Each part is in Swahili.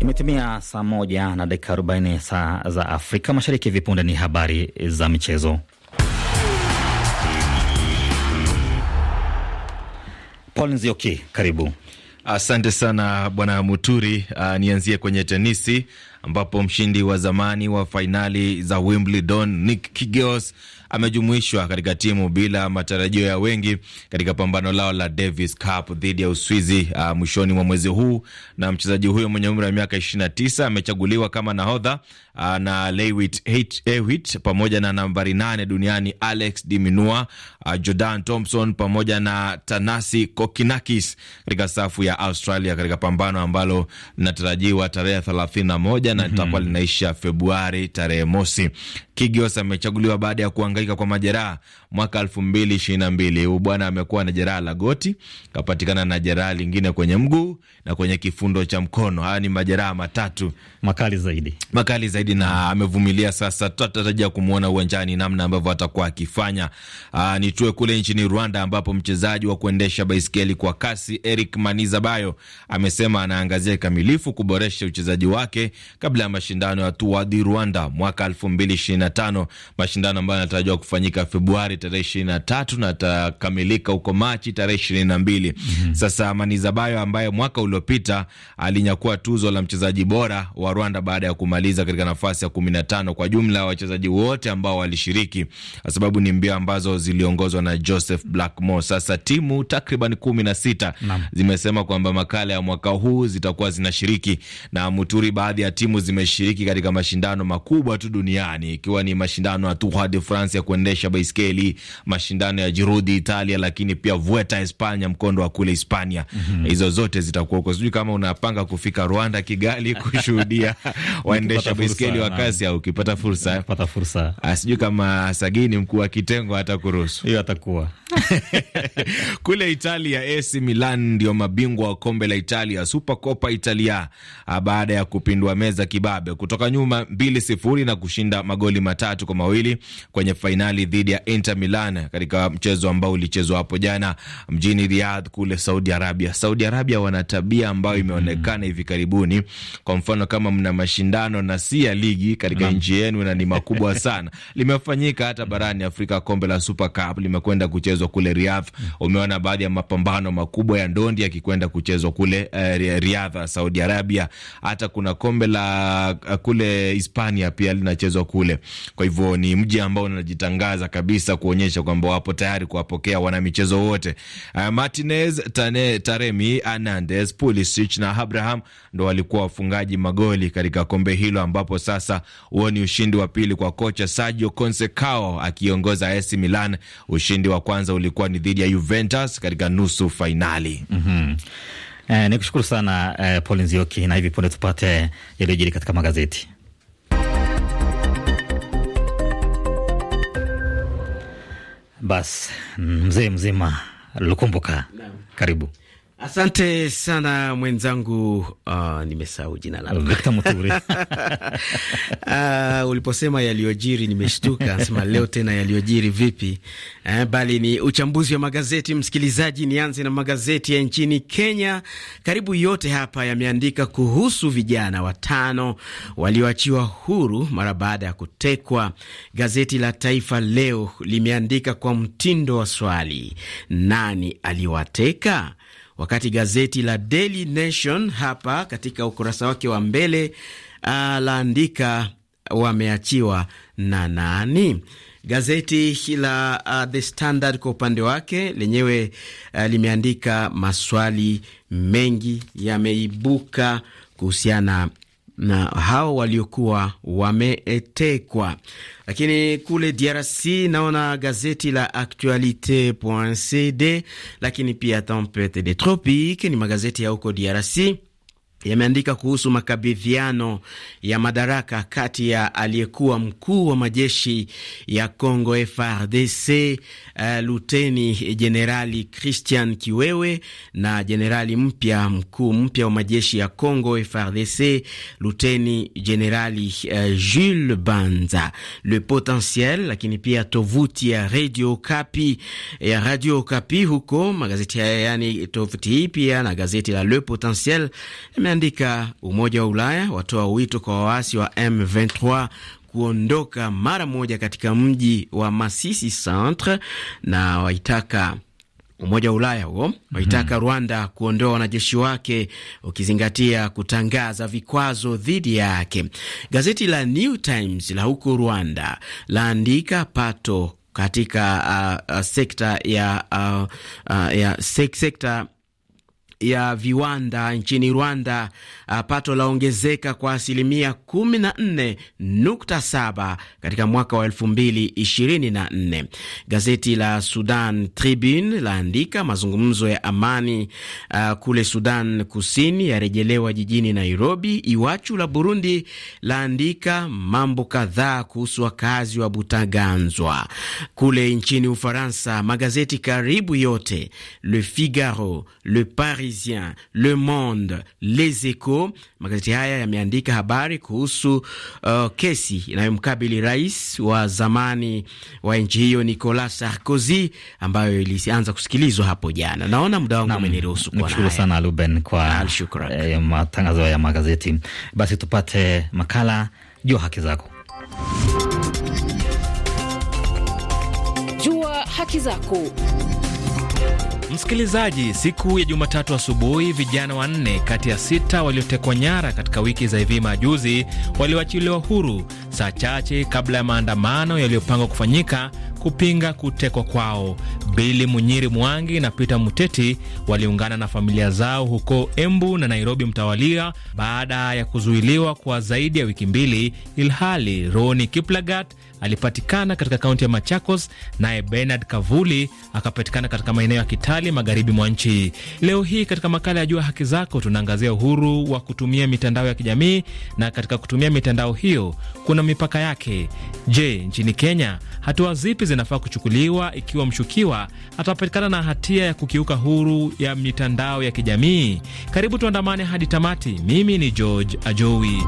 Imetimia saa moja na dakika 40 saa za Afrika Mashariki. Vipunde ni habari za michezo. Paul Nzioki, karibu. Asante sana bwana Muturi. Uh, nianzie kwenye tenisi ambapo mshindi wa zamani wa fainali za Wimbledon Nick Kyrgios amejumuishwa katika timu bila matarajio ya wengi katika pambano lao la Davis Cup dhidi ya Uswizi uh, mwishoni mwa mwezi huu, na mchezaji huyo mwenye umri wa miaka 29 amechaguliwa kama nahodha uh, na Lewit Hewitt pamoja na nambari nane duniani Alex Diminua uh, ah, Jordan Thompson pamoja na Tanasi Kokinakis katika safu ya Australia katika pambano ambalo linatarajiwa tarehe 31 na litakuwa mm -hmm. linaisha Februari tarehe mosi. Kigios amechaguliwa baada ya kuangaika kwa majeraha mwaka elfu mbili na mbili. Huyu bwana amekuwa na jeraha la goti, kapatikana na jeraha lingine kwenye mguu na kwenye kifundo cha mkono. Haya ni majeraha matatu makali zaidi, makali zaidi, na amevumilia sasa. Tutatarajia kumwona uwanjani namna ambavyo atakuwa akifanya. Ah, nitue kule nchini Rwanda ambapo mchezaji wa kuendesha baiskeli kwa kasi Eric Manizabayo amesema anaangazia kikamilifu kuboresha uchezaji wake kabla ya mashindano ya Tour du Rwanda mwaka elfu mbili na 25, mashindano ambayo yanatarajiwa kufanyika Februari tarehe 23 na atakamilika huko Machi tarehe 22. Mm -hmm. Sasa Manizabayo ambaye mwaka uliopita alinyakua tuzo la mchezaji bora wa Rwanda baada ya kumaliza katika nafasi ya 15 kwa jumla wachezaji wote ambao walishiriki, kwa sababu ni mbio ambazo ziliongozwa na Joseph Blackmore. Sasa timu takriban kumi na sita zimesema kwamba makala ya mwaka huu zitakuwa zinashiriki na Muturi. Baadhi ya timu zimeshiriki katika mashindano makubwa tu duniani ikiwa ikiwa ni mashindano ya Tour de France ya kuendesha baiskeli, mashindano ya Giro d'Italia, lakini pia Vuelta Espanya, mkondo wa kule Hispania. mm hizo -hmm. zote zitakuwa huko. Sijui kama unapanga kufika Rwanda, Kigali, kushuhudia waendesha baiskeli wa kasi, au ukipata fursa, eh? pata fursa. Ah, sijui kama Sagini, mkuu wa kitengo, atakuruhusu hiyo, atakuwa kule Italia. AC Milan ndio mabingwa wa kombe la Italia, Supercoppa Italia, ah, baada ya kupindua meza kibabe kutoka nyuma mbili sifuri na kushinda magoli matatu kwa mawili kwenye fainali dhidi ya Inter Milan katika mchezo ambao ulichezwa hapo jana mjini Riyadh kule Saudi Arabia. Saudi Arabia wana tabia ambayo mm-hmm. imeonekana hivi karibuni. Kwa mfano, kama mna mashindano na si ya ligi katika nchi yenu na ni makubwa sana, limefanyika hata mm-hmm. barani Afrika. Kombe la Super Cup limekwenda kuchezwa kule Riyadh. Mm-hmm. Umeona baadhi ya mapambano makubwa ya ndondi yakikwenda kuchezwa kule uh, Riyadh, Saudi Arabia. Hata kuna kombe la uh, kule Hispania pia linachezwa kule kwa hivyo ni mji ambao unajitangaza kabisa kuonyesha kwamba wapo tayari kuwapokea wanamichezo wote. Uh, Martinez, Tane, Taremi, Hernandez, Pulisic na Abraham ndo walikuwa wafungaji magoli katika kombe hilo, ambapo sasa huo ni ushindi wa pili kwa kocha Sergio Conceição akiongoza AC Milan. Ushindi wa kwanza ulikuwa ni dhidi ya Juventus katika nusu fainali. mm -hmm. Eh, nikushukuru sana eh, Paul Nzioki, na hivi punde tupate yaliyojiri katika magazeti. Basi mzee mzima lukumbuka, karibu Asante sana mwenzangu. Uh, nimesahau jina lako uh, uliposema yaliyojiri nimeshtuka, nasema leo tena yaliyojiri vipi? Eh, bali ni uchambuzi wa magazeti. Msikilizaji, nianze na magazeti ya nchini Kenya. Karibu yote hapa yameandika kuhusu vijana watano walioachiwa huru mara baada ya kutekwa. Gazeti la Taifa Leo limeandika kwa mtindo wa swali, nani aliwateka? wakati gazeti la Daily Nation hapa katika ukurasa wake wa mbele ah, laandika wameachiwa na nani? Gazeti la uh, The Standard kwa upande wake lenyewe uh, limeandika maswali mengi yameibuka kuhusiana na hao waliokuwa wametekwa. Lakini kule DRC naona gazeti la Actualite.cd, lakini pia Tempete des Tropiques ni magazeti ya huko DRC yameandika kuhusu makabidhiano ya madaraka kati ya aliyekuwa mkuu wa majeshi ya Congo FRDC uh, eh, luteni jenerali Christian Kiwewe na jenerali mpya mkuu mpya wa majeshi ya Congo FRDC luteni jenerali uh, Jules Banza Le Potentiel, lakini pia tovuti ya Radio Kapi ya Radio Kapi huko magazeti haya, yani tovuti hii pia na gazeti la Le Potentiel Ameandika Umoja wa Ulaya watoa wito kwa waasi wa M23 kuondoka mara moja katika mji wa Masisi Centre na waitaka Umoja wa Ulaya huo waitaka mm -hmm. Rwanda kuondoa wanajeshi wake ukizingatia kutangaza vikwazo dhidi yake. Gazeti la New Times la huko Rwanda laandika pato katika uh, uh, sekta ya, uh, uh, ya sek sekta ya viwanda nchini Rwanda Ah, pato laongezeka kwa asilimia 14.7 katika mwaka wa 2024. Gazeti la Sudan Tribune laandika mazungumzo ya amani uh, kule Sudan Kusini yarejelewa jijini Nairobi. Iwachu la Burundi laandika mambo kadhaa kuhusu wakazi wa Butaganzwa. Kule nchini Ufaransa, magazeti karibu yote Le Figaro, Le Parisien, Le Monde, Les Echos huo. magazeti haya yameandika habari kuhusu uh, kesi inayomkabili rais wa zamani wa nchi hiyo Nicolas Sarkozy ambayo ilianza kusikilizwa hapo jana. Naona muda wangu umeniruhusu. Nikushukuru sana Ruben kwa eh, matangazo ya magazeti. Basi tupate makala Jua Haki Zako. Jua Haki Zako Msikilizaji, siku ya Jumatatu asubuhi, vijana wanne kati ya sita waliotekwa nyara katika wiki za hivi majuzi waliwachiliwa huru saa chache kabla ya maandamano yaliyopangwa kufanyika kupinga kutekwa kwao. Bili Munyiri Mwangi na Peter Muteti waliungana na familia zao huko Embu na Nairobi mtawalia baada ya kuzuiliwa kwa zaidi ya wiki mbili, ilhali Roni Kiplagat alipatikana katika kaunti ya Machakos, naye Bernard Kavuli akapatikana katika maeneo ya Kitale, magharibi mwa nchi. Leo hii katika makala ya Jua Haki Zako tunaangazia uhuru wa kutumia mitandao ya kijamii, na katika kutumia mitandao hiyo kuna mipaka yake. Je, nchini Kenya hatua zipi zinafaa kuchukuliwa ikiwa mshukiwa atapatikana na hatia ya kukiuka huru ya mitandao ya kijamii? Karibu tuandamane hadi tamati. Mimi ni George Ajowi.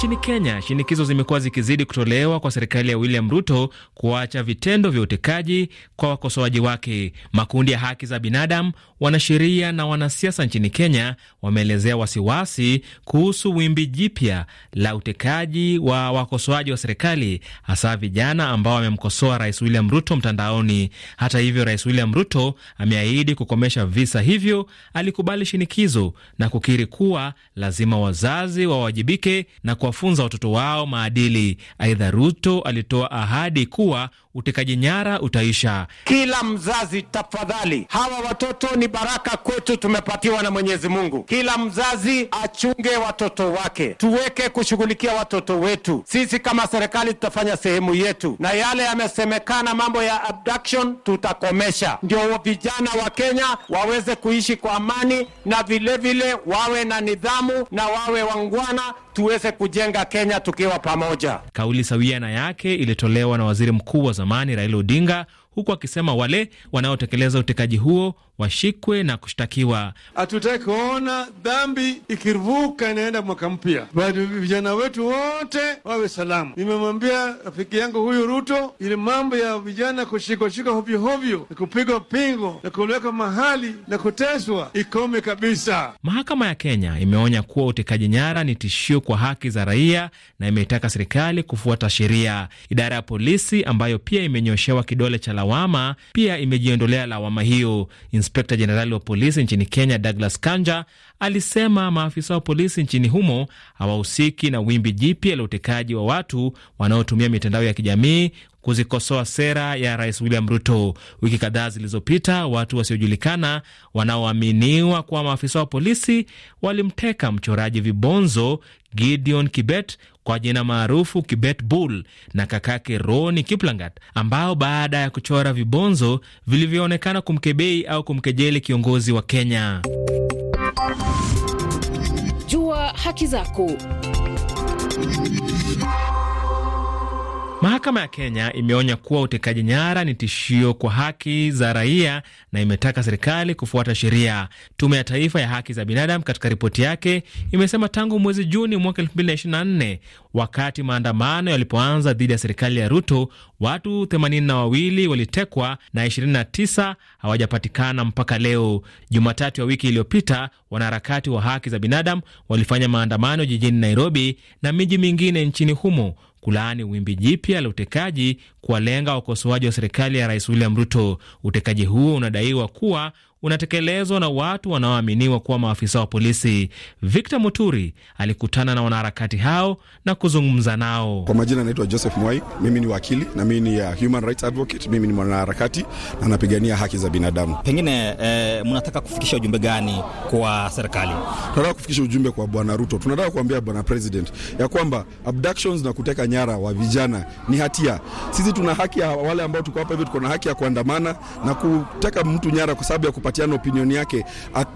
Nchini Kenya, shinikizo zimekuwa zikizidi kutolewa kwa serikali ya William Ruto kuacha vitendo vya utekaji kwa wakosoaji wake. Makundi ya haki za binadamu Wanasheria na wanasiasa nchini Kenya wameelezea wasiwasi kuhusu wimbi jipya la utekaji wa wakosoaji wa serikali, hasa vijana ambao wamemkosoa Rais William Ruto mtandaoni. Hata hivyo, Rais William Ruto ameahidi kukomesha visa hivyo, alikubali shinikizo na kukiri kuwa lazima wazazi wawajibike na kuwafunza watoto wao maadili. Aidha, Ruto alitoa ahadi kuwa utekaji nyara utaisha. Kila mzazi tafadhali, hawa watoto ni baraka kwetu, tumepatiwa na Mwenyezi Mungu. Kila mzazi achunge watoto wake, tuweke kushughulikia watoto wetu. Sisi kama serikali tutafanya sehemu yetu, na yale yamesemekana mambo ya abduction tutakomesha, ndio vijana wa Kenya waweze kuishi kwa amani na vilevile vile wawe na nidhamu na wawe wangwana tuweze kujenga Kenya tukiwa pamoja. Kauli sawia na yake ilitolewa na waziri mkuu wa zamani Raila Odinga huku akisema wale wanaotekeleza utekaji huo washikwe na kushtakiwa. Hatutaki kuona dhambi ikiruvuka inaenda mwaka mpya, bado vijana wetu wote wawe salama. Nimemwambia rafiki yangu huyu Ruto, ile mambo ya vijana kushikwashikwa hovyohovyo na kupigwa pingo na kuwekwa mahali na kuteswa ikome kabisa. Mahakama ya Kenya imeonya kuwa utekaji nyara ni tishio kwa haki za raia na imeitaka serikali kufuata sheria. Idara ya polisi ambayo pia imenyoshewa kidole cha lawama, pia imejiondolea lawama hiyo. Inspekta Jenerali wa polisi nchini Kenya Douglas Kanja alisema maafisa wa polisi nchini humo hawahusiki na wimbi jipya la utekaji wa watu wanaotumia mitandao ya kijamii kuzikosoa sera ya Rais William Ruto. Wiki kadhaa zilizopita, watu wasiojulikana wanaoaminiwa kuwa maafisa wa polisi walimteka mchoraji vibonzo Gideon Kibet kwa jina maarufu Kibet Bull na kakake Roni Kiplangat, ambao baada ya kuchora vibonzo vilivyoonekana kumkebei au kumkejeli kiongozi wa Kenya. Jua haki zako Mahakama ya Kenya imeonya kuwa utekaji nyara ni tishio kwa haki za raia na imetaka serikali kufuata sheria. Tume ya Taifa ya Haki za Binadamu katika ripoti yake imesema tangu mwezi Juni mwaka 2024 wakati maandamano yalipoanza dhidi ya serikali ya Ruto, watu 82 walitekwa na 29 hawajapatikana mpaka leo. Jumatatu ya wiki iliyopita, wanaharakati wa haki za binadamu walifanya maandamano jijini Nairobi na miji mingine nchini humo kulaani wimbi jipya la utekaji kuwalenga wakosoaji wa serikali ya Rais William Ruto. Utekaji huo unadaiwa kuwa unatekelezwa na watu wanaoaminiwa kuwa maafisa wa polisi. Victor Muturi alikutana na wanaharakati hao na kuzungumza nao. Kwa majina, anaitwa Joseph Mwai, mimi ni wakili na mimi ni uh, human rights advocate, mimi ni mwanaharakati na napigania haki za binadamu. Pengine eh, mnataka kufikisha ujumbe gani kwa serikali? Tunataka kufikisha ujumbe kwa Bwana Ruto, tunataka kuambia Bwana President ya kwamba abductions na kuteka nyara wa vijana ni hatia. Sisi tuna haki ya wale ambao tuko hapa hivi, tuko na haki ya kuandamana na kuteka mtu nyara kwa sababu ya kupatiana opinion yake.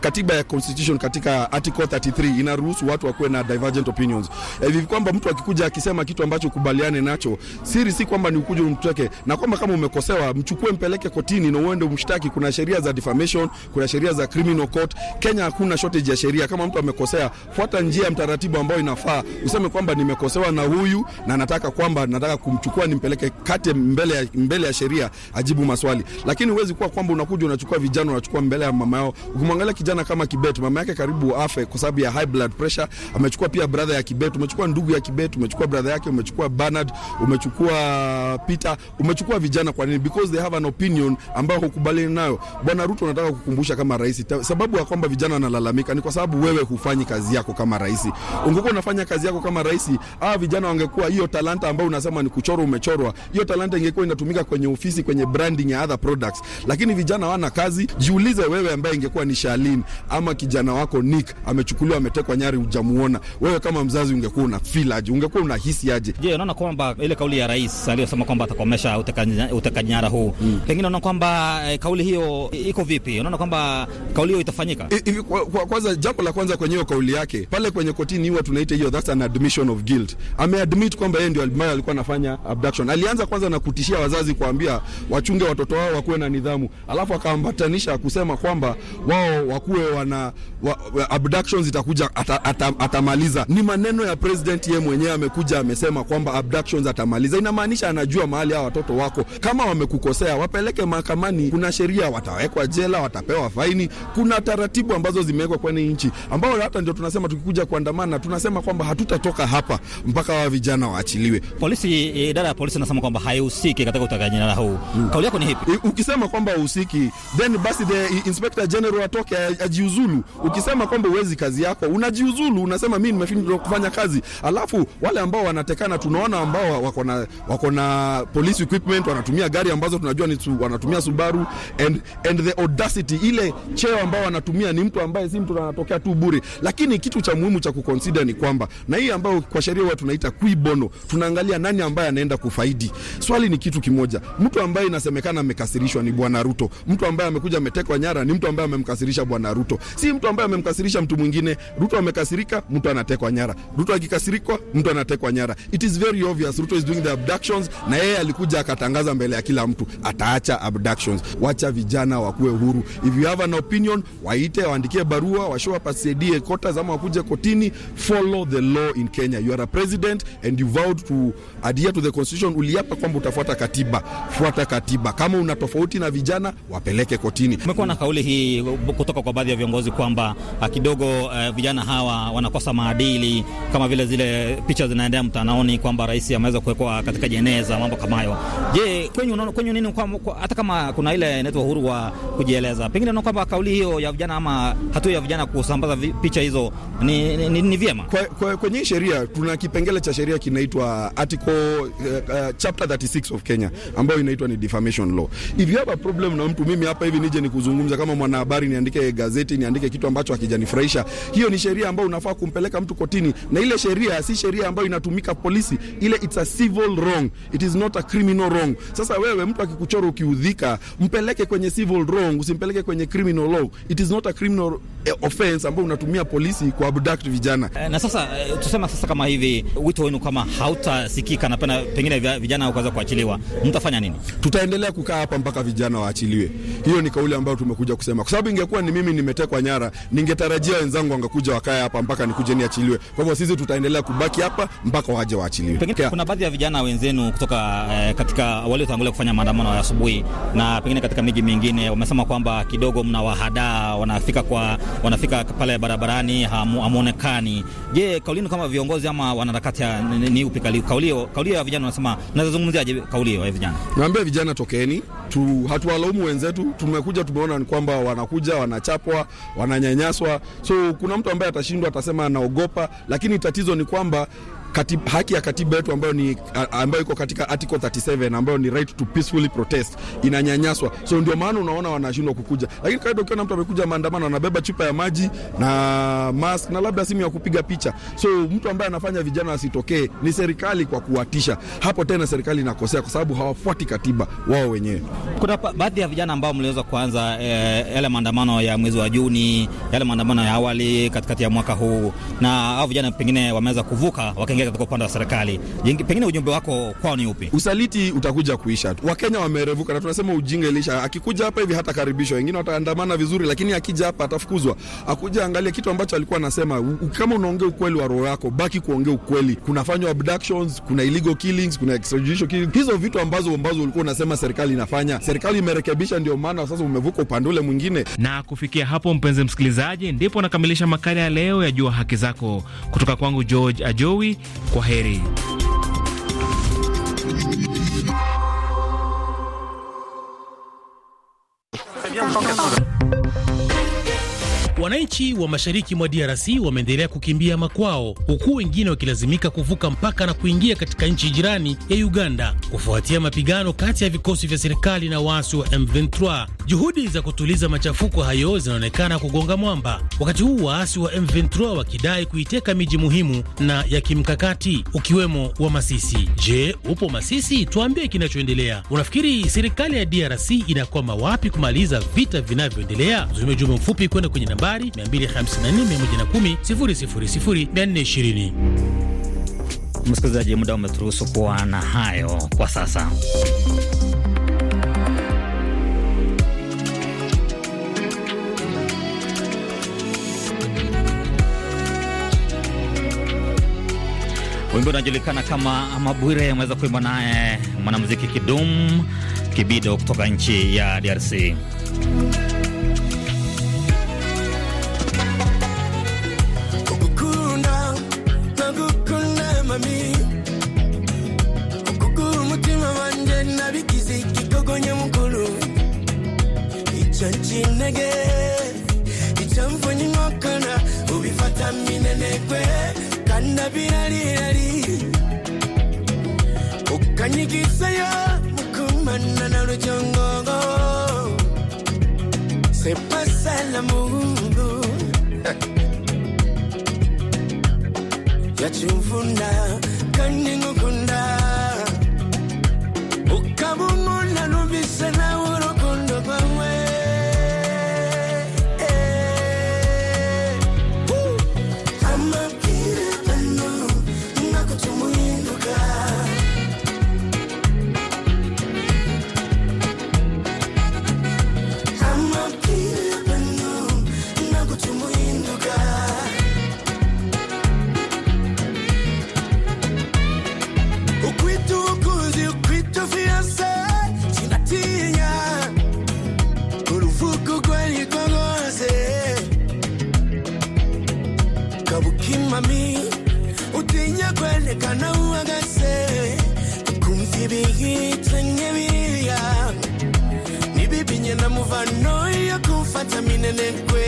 Katiba ya constitution katika article 33 inaruhusu watu wakuwe na divergent opinions eh, hivi e, kwamba mtu akikuja akisema kitu ambacho kubaliane nacho, siri si kwamba ni ukuje umtweke, na kwamba kama umekosewa mchukue mpeleke kotini na uende umshtaki. Kuna sheria za defamation, kuna sheria za criminal court. Kenya hakuna shortage ya sheria. Kama mtu amekosea, fuata njia ya mtaratibu ambayo inafaa, useme kwamba nimekosewa na huyu na nataka kwamba nataka kumchukua nimpeleke kate mbele ya, mbele ya sheria ajibu maswali, lakini huwezi kuwa kwamba unakuja unachukua vijana unachukua mbele ya mama yao. Ukimwangalia kijana kama Kibet, mama yake karibu afe kwa sababu ya high blood pressure. Amechukua pia brother ya Kibet, umechukua ndugu ya Kibet, umechukua brother yake, umechukua Bernard, umechukua Peter, umechukua vijana. Kwa nini? Because they have an opinion ambayo hukubaliani nayo. Bwana Ruto anataka kukumbusha kama rais, sababu ya kwamba vijana wanalalamika ni kwa sababu wewe hufanyi kazi yako kama rais. Ungekuwa unafanya kazi yako kama rais, hawa vijana wangekuwa, hiyo talanta ambayo unasema ni kuchorwa, umechorwa, hiyo talanta ingekuwa inatumika kwenye ofisi, kwenye branding ya other products, lakini vijana hawana kazi. Jiulize jiulize wewe, ambaye ingekuwa ni Shalin ama kijana wako Nick amechukuliwa ametekwa nyari, hujamuona wewe, kama mzazi ungekuwa una feel aje? Ungekuwa unahisi aje? Je, unaona kwamba ile kauli ya rais aliyosema kwamba atakomesha utekaji nyara huu mm, pengine unaona kwamba e, kauli hiyo iko vipi? Unaona kwamba kauli hiyo itafanyika hivi? Kwanza kwa, kwa, jambo la kwanza kwenye hiyo kauli yake pale kwenye kotini huwa tunaita hiyo that's an admission of guilt. Ameadmit kwamba yeye ndio alikuwa anafanya abduction. Alianza kwanza na kutishia wazazi kuambia wachunge watoto wao wakuwe na nidhamu, alafu akaambatanisha kusema kusema kwamba wao wakuwe wana wa, wa, abductions itakuja ata, ata, atamaliza. Ni maneno ya president yeye mwenyewe amekuja amesema kwamba abductions atamaliza, inamaanisha anajua mahali hawa watoto wako. Kama wamekukosea wapeleke mahakamani, kuna sheria, watawekwa jela, watapewa faini, kuna taratibu ambazo zimewekwa kwenye nchi, ambao hata ndio tunasema tukikuja kuandamana, tunasema kwamba hatutatoka hapa mpaka wa vijana waachiliwe. Polisi, eh, idara ya polisi nasema kwamba haihusiki katika utekaji nyara huu. Mm. Kauli yako ni ipi? Eh, ukisema kwamba uhusiki then basi the inspector general atoke ajiuzulu. Ukisema kwamba uwezi kazi yako, unajiuzulu, unasema mimi nimeshindwa kufanya kazi. Alafu wale ambao wanatekana, tunaona ambao wako na wako na police equipment, wanatumia gari ambazo tunajua ni wanatumia Subaru and and the audacity, ile cheo ambao wanatumia ni mtu ambaye si mtu anatokea tu bure. Lakini kitu cha muhimu cha kuconsider ni kwamba na hii ambayo kwa sheria huwa tunaita qui bono, tunaangalia nani ambaye anaenda kufaidi. Swali ni kitu kimoja, mtu ambaye inasemekana amekasirishwa ni bwana Ruto, mtu ambaye amekuja ametekwa Manyara ni mtu ambaye amemkasirisha bwana Ruto, si mtu ambaye amemkasirisha mtu mwingine. Ruto amekasirika, mtu anatekwa nyara. Ruto akikasirikwa, mtu anatekwa nyara. It is very obvious Ruto is doing the abductions, na yeye alikuja akatangaza mbele ya kila mtu ataacha abductions. Wacha vijana wakuwe huru. If you have an opinion, waite, waandikie barua, washow up asaidie kota zama wakuje kotini. Follow the law in Kenya. You are a president and you vowed to adhere to the constitution. Uliapa kwamba utafuata katiba, fuata katiba. Kama una tofauti na vijana, wapeleke kotini. Mekua kumekuwa na kauli hii kutoka kwa baadhi ya viongozi kwamba ah, kidogo uh, vijana hawa wanakosa maadili kama vile zile picha zinaendea mtandaoni kwamba rais ameweza kuwekwa katika jeneza, mambo kama hayo. Je, kwenye unaona kwenye nini kwa, kwa, hata kama kuna ile inaitwa uhuru wa kujieleza, pengine naona kwamba kauli hiyo ya vijana ama hatua ya vijana kusambaza vi, picha hizo ni, ni, ni, ni vyema? kwa, kwa, kwenye sheria tuna kipengele cha sheria kinaitwa article uh, uh, chapter 36 of Kenya ambayo inaitwa ni defamation law. If you have a problem na mtu, mimi hapa hivi nije nikuzungumzie kuzungumza kama mwanahabari, niandike gazeti, niandike kitu ambacho hakijanifurahisha. Hiyo ni sheria ambayo unafaa kumpeleka mtu kotini, na ile sheria si sheria ambayo inatumika polisi. Ile it's a civil wrong, it is not a criminal wrong. Sasa wewe mtu akikuchora ukiudhika, mpeleke kwenye civil wrong, usimpeleke kwenye criminal law. It is not a criminal Eh, offense ambao unatumia polisi kwa abduct vijana. Eh, na sasa eh, tusema sasa, kama hivi wito wenu kama hautasikika na pengine vijana kuanza kuachiliwa, mtafanya nini? Tutaendelea kukaa hapa mpaka vijana waachiliwe. Hiyo ni kauli ambayo tumekuja kusema, kwa sababu ingekuwa ni mimi nimetekwa nyara, ningetarajia wenzangu wangekuja wakae hapa mpaka nikuje niachiliwe. Kwa hivyo sisi tutaendelea kubaki hapa mpaka waje waachiliwe. Pengine kuna baadhi ya vijana wenzenu kutoka eh, katika waliotangulia kufanya maandamano ya asubuhi na pengine katika miji mingine wamesema kwamba kidogo mnawahadaa, wanafika kwa wanafika pale barabarani hamuonekani. Je, kaulini kama viongozi ama wanaharakati ni upi kaulio kaulio ya vijana wanasema, nazungumziaje kaulio ya vijana? Naambia vijana tokeni tu, hatuwalaumu wenzetu. Tumekuja tumeona ni kwamba wanakuja wanachapwa, wananyanyaswa, so kuna mtu ambaye atashindwa, atasema anaogopa, lakini tatizo ni kwamba katib, haki ya katiba yetu ambayo ni ambayo iko katika article 37 ambayo ni right to peacefully protest inanyanyaswa. So ndio maana unaona wanashindwa kukuja, lakini kawaida ukiona mtu amekuja maandamano anabeba chupa ya maji na mask na labda simu ya kupiga picha. So mtu ambaye anafanya vijana wasitokee ni serikali kwa kuwatisha. Hapo tena serikali inakosea kwa sababu hawafuati katiba wao wenyewe. Kuna baadhi ya vijana ambao mliweza kuanza eh, yale eh, maandamano ya mwezi wa Juni, yale maandamano ya awali katikati ya mwaka huu, na hao vijana pengine wameweza kuvuka wakaingia kuingia katika upande wa serikali. Pengine ujumbe wako kwao ni upi? Usaliti utakuja kuisha tu. Wakenya wamerevuka na tunasema ujinga ilisha. Akikuja hapa hivi hata karibishwa, wengine wataandamana vizuri, lakini akija hapa atafukuzwa. Akuja angalia kitu ambacho alikuwa anasema. Kama unaongea ukweli wa roho yako, baki kuongea ukweli. Kunafanywa abductions, kuna illegal killings, kuna extrajudicial killings, hizo vitu ambazo ambazo ulikuwa unasema serikali inafanya. Serikali imerekebisha, ndio maana sasa umevuka upande ule mwingine. Na kufikia hapo, mpenzi msikilizaji, ndipo nakamilisha makala ya leo ya Jua Haki Zako kutoka kwangu George Ajowi. Kwa heri. Wananchi wa mashariki mwa DRC wameendelea kukimbia makwao, huku wengine wakilazimika kuvuka mpaka na kuingia katika nchi jirani ya Uganda kufuatia mapigano kati ya vikosi vya serikali na waasi wa M23. Juhudi za kutuliza machafuko hayo zinaonekana kugonga mwamba, wakati huu waasi wa M23 wakidai kuiteka miji muhimu na ya kimkakati ukiwemo wa Masisi. Je, upo Masisi? Tuambie kinachoendelea. Unafikiri serikali ya DRC inakwama wapi kumaliza vita vinavyoendelea? Tutumie mfupi kwenda kwenye namba nambari 254 110 420. Msikilizaji, muda umeturuhusu kuwa na hayo kwa sasa. Wimbo unajulikana kama Mabwire, ameweza kuimba naye mwanamuziki Kidum Kibido kutoka nchi ya DRC. ya Mungu now. kabukimami utinya kwerekana uhagaze kumva ibihitanye biriya nibibinye na muvano yo kumfata minenerwe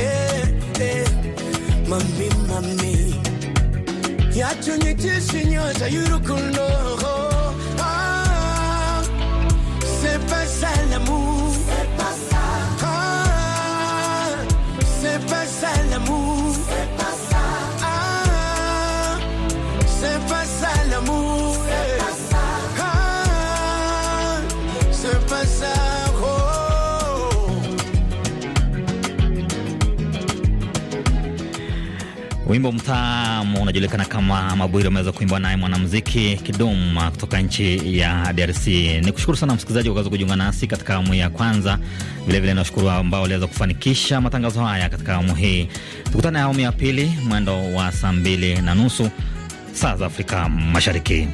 mami mami yatumye ibyishinyota y'urukundo ah, c'est pas ça Wimbo mtamu unajulikana kama Mabwiri, ameweza kuimbwa naye mwanamuziki Kidum kutoka nchi ya DRC. Ni kushukuru sana msikilizaji kwa kuweza kujiunga nasi katika awamu ya kwanza. Vilevile nawashukuru ambao waliweza kufanikisha matangazo haya katika awamu hii. Tukutane awamu ya pili mwendo wa saa mbili na nusu saa za Afrika Mashariki.